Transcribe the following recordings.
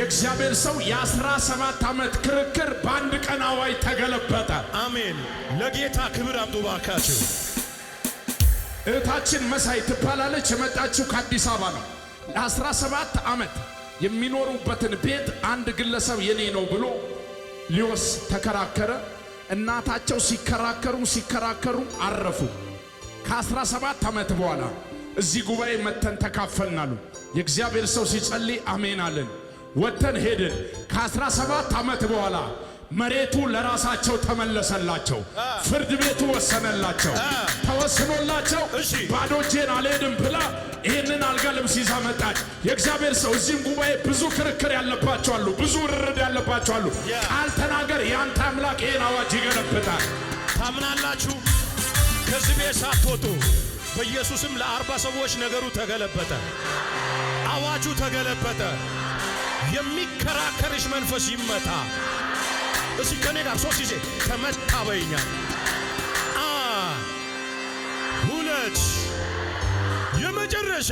የእግዚአብሔር ሰው የአስራ ሰባት ዓመት ክርክር በአንድ ቀን አዋጅ ተገለበጠ። አሜን። ለጌታ ክብር አምጡ ባካችሁ። እህታችን መሳይ ትባላለች። የመጣችው ከአዲስ አበባ ነው። ለአስራ ሰባት ዓመት የሚኖሩበትን ቤት አንድ ግለሰብ የኔ ነው ብሎ ሊወስ ተከራከረ። እናታቸው ሲከራከሩ ሲከራከሩ አረፉ። ከአስራ ሰባት ዓመት በኋላ እዚህ ጉባኤ መተን ተካፈልናሉ። የእግዚአብሔር ሰው ሲጸልይ አሜን አለን። ወጥተን ሄድን። ከ17 ዓመት በኋላ መሬቱ ለራሳቸው ተመለሰላቸው። ፍርድ ቤቱ ወሰነላቸው። ተወስኖላቸው ባዶ እጄን አልሄድም ብላ ይህንን አልጋ ልብስ ይዛ መጣች። የእግዚአብሔር ሰው እዚህም ጉባኤ ብዙ ክርክር ያለባቸው አሉ፣ ብዙ ርርድ ያለባቸው አሉ። ቃል ተናገር፣ ያንተ አምላክ ይህን አዋጅ ይገለብጣል። ታምናላችሁ? ከዚህ ቤት ሳትወጡ በኢየሱስም ለአርባ ሰዎች ነገሩ ተገለበጠ፣ አዋጁ ተገለበጠ። የሚከራከርሽ መንፈስ ይመታ። እስኪ ከኔ ጋር ሶስት ጊዜ ተመታ አ ሁለት የመጨረሻ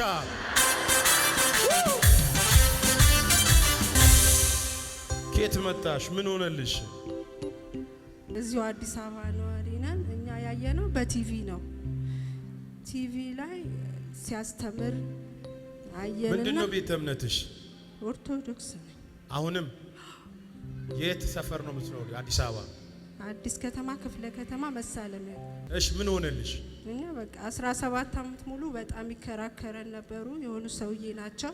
ኬት መጣሽ? ምን ሆነልሽ? እዚሁ አዲስ አበባ ነዋሪ ነን። እኛ ያየነው በቲቪ ነው። ቲቪ ላይ ሲያስተምር አየንና ምንድነው ቤተ እምነትሽ? ኦርቶዶክስ ነኝ። አሁንም የት ሰፈር ነው የምትኖሪ? አዲስ አበባ አዲስ ከተማ ክፍለ ከተማ መሳለሚያ። እሺ ምን ሆነልሽ? እኛ በቃ 17 ዓመት ሙሉ በጣም ይከራከረን ነበሩ የሆኑ ሰውዬ ናቸው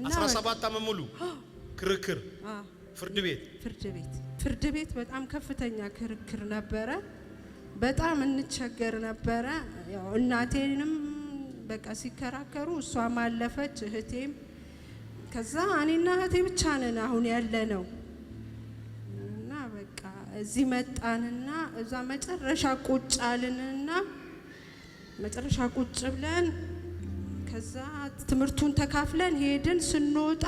እና 17 ዓመት ሙሉ ክርክር ፍርድ ቤት ፍርድ ቤት ፍርድ ቤት በጣም ከፍተኛ ክርክር ነበረ። በጣም እንቸገር ነበረ። ያው እናቴንም በቃ ሲከራከሩ እሷም አለፈች እህቴም ከዛ እኔና እህቴ ብቻ ነን አሁን ያለ ነው እና በቃ እዚህ መጣንና እዛ መጨረሻ ቁጭ አልንና መጨረሻ ቁጭ ብለን ከዛ ትምህርቱን ተካፍለን ሄድን። ስንወጣ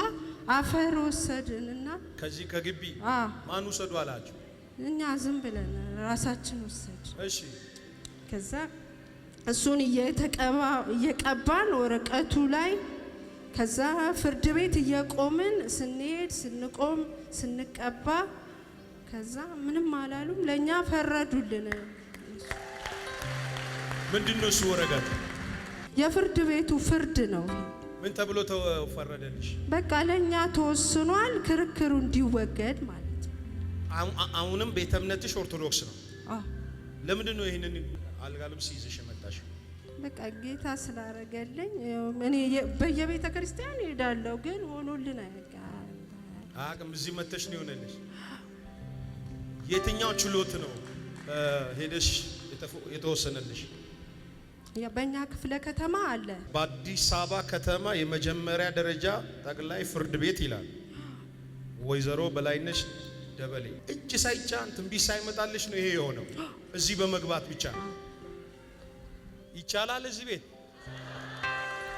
አፈር ወሰድንና ከዚህ ከግቢ ማን ውሰዱ አላችሁ? እኛ ዝም ብለን ራሳችን ወሰድ። እሺ ከዛ እሱን እየተቀባ እየቀባን ወረቀቱ ላይ ከዛ ፍርድ ቤት እየቆምን ስንሄድ ስንቆም ስንቀባ ከዛ ምንም አላሉም፣ ለእኛ ፈረዱልን። ምንድን ነው እሱ ወረቀት? የፍርድ ቤቱ ፍርድ ነው። ምን ተብሎ ተፈረደልሽ? በቃ ለእኛ ተወስኗል፣ ክርክሩ እንዲወገድ ማለት ነው። አሁንም ቤተ እምነትሽ ኦርቶዶክስ ነው። ለምንድን ነው ይህንን አልጋ ልብስ ይዘሽ የመጣሽው? በቃ ጌታ ስላረገልኝ እኔ በየቤተ ክርስቲያን እሄዳለሁ፣ ግን ሆኖልን አያውቅም። እዚህ መተሽ ነው የሆነልሽ። የትኛው ችሎት ነው ሄደሽ የተወሰነልሽ? በእኛ ክፍለ ከተማ አለ። በአዲስ አበባ ከተማ የመጀመሪያ ደረጃ ጠቅላይ ፍርድ ቤት ይላል። ወይዘሮ በላይነሽ ደበሌ እጅ ሳይጫን ትንቢት ሳይመጣልሽ ነው ይሄ የሆነው። እዚህ በመግባት ብቻ ይቻላል። እዚህ ቤት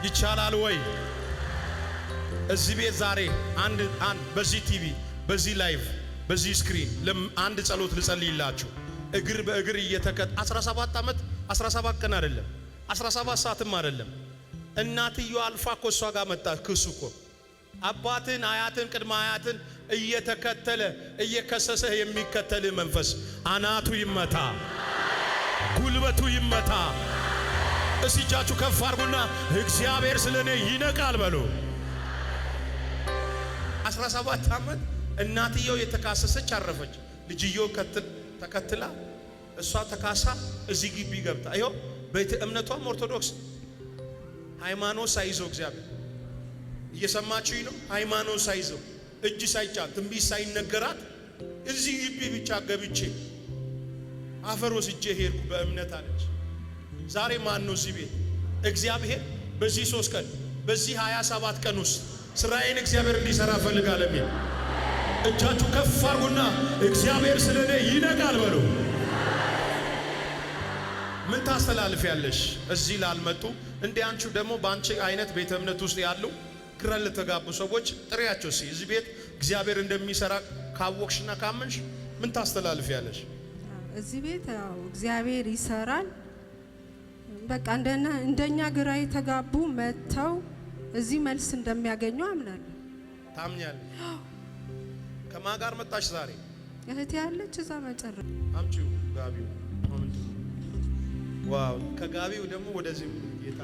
ይቻላል ወይ? እዚህ ቤት ዛሬ አንድ አንድ በዚህ ቲቪ በዚህ ላይቭ በዚህ ስክሪን አንድ ጸሎት ልጸልይላችሁ። እግር በእግር እየተከተ 17 ዓመት 17 ቀን አይደለም 17 ሰዓትም አይደለም። እናትዮ አልፋ እኮ እሷ ጋር መጣ። ክሱ እኮ አባትን፣ አያትን፣ ቅድመ አያትን እየተከተለ እየከሰሰህ የሚከተልህ መንፈስ አናቱ ይመታ፣ ጉልበቱ ይመታ። እስቲ እጃችሁ ከፍ አርጉና እግዚአብሔር ስለ እኔ ይነቃል በሉ። 17 ዓመት እናትየው የተካሰሰች አረፈች። ልጅየው ተከትላ እሷ ተካሳ እዚህ ግቢ ገብታ ይኸው ቤተ እምነቷም ኦርቶዶክስ ሃይማኖት ሳይዘው እግዚአብሔር እየሰማችሁ ነው። ሃይማኖት ሳይዘው እጅ ሳይጫ ትንቢት ሳይነገራት እዚህ ግቢ ብቻ ገብቼ አፈር ወስጄ ሄድኩ በእምነት አለች። ዛሬ ማን ነው እዚህ ቤት? እግዚአብሔር በዚህ ሶስት ቀን በዚህ ሀያ ሰባት ቀን ውስጥ ስራዬን እግዚአብሔር እንዲሰራ እፈልጋለሁ የሚል እጃችሁ ከፍ አድርጉና እግዚአብሔር ስለ እኔ ይነቃል በሉ። ምን ታስተላልፍ ያለሽ እዚህ ላልመጡ እንደ አንቺ ደግሞ በአንቺ አይነት ቤተ እምነት ውስጥ ያሉ ግራ ለተጋቡ ሰዎች ጥሪያቸው ሲ እዚህ ቤት እግዚአብሔር እንደሚሰራ ካወቅሽና ካመንሽ ምን ታስተላልፍ ያለሽ? እዚህ ቤት እግዚአብሔር ይሰራል። በቃ እንደኛ ግራ የተጋቡ መጥተው እዚህ መልስ እንደሚያገኙ አምናለሁ። ታምኛል። ከማን ጋር መጣሽ ዛሬ? እህቴ ያለች እዛ መጨረ አምጪው ጋቢው ዋው! ከጋቢው ደግሞ ወደዚህ ጌታ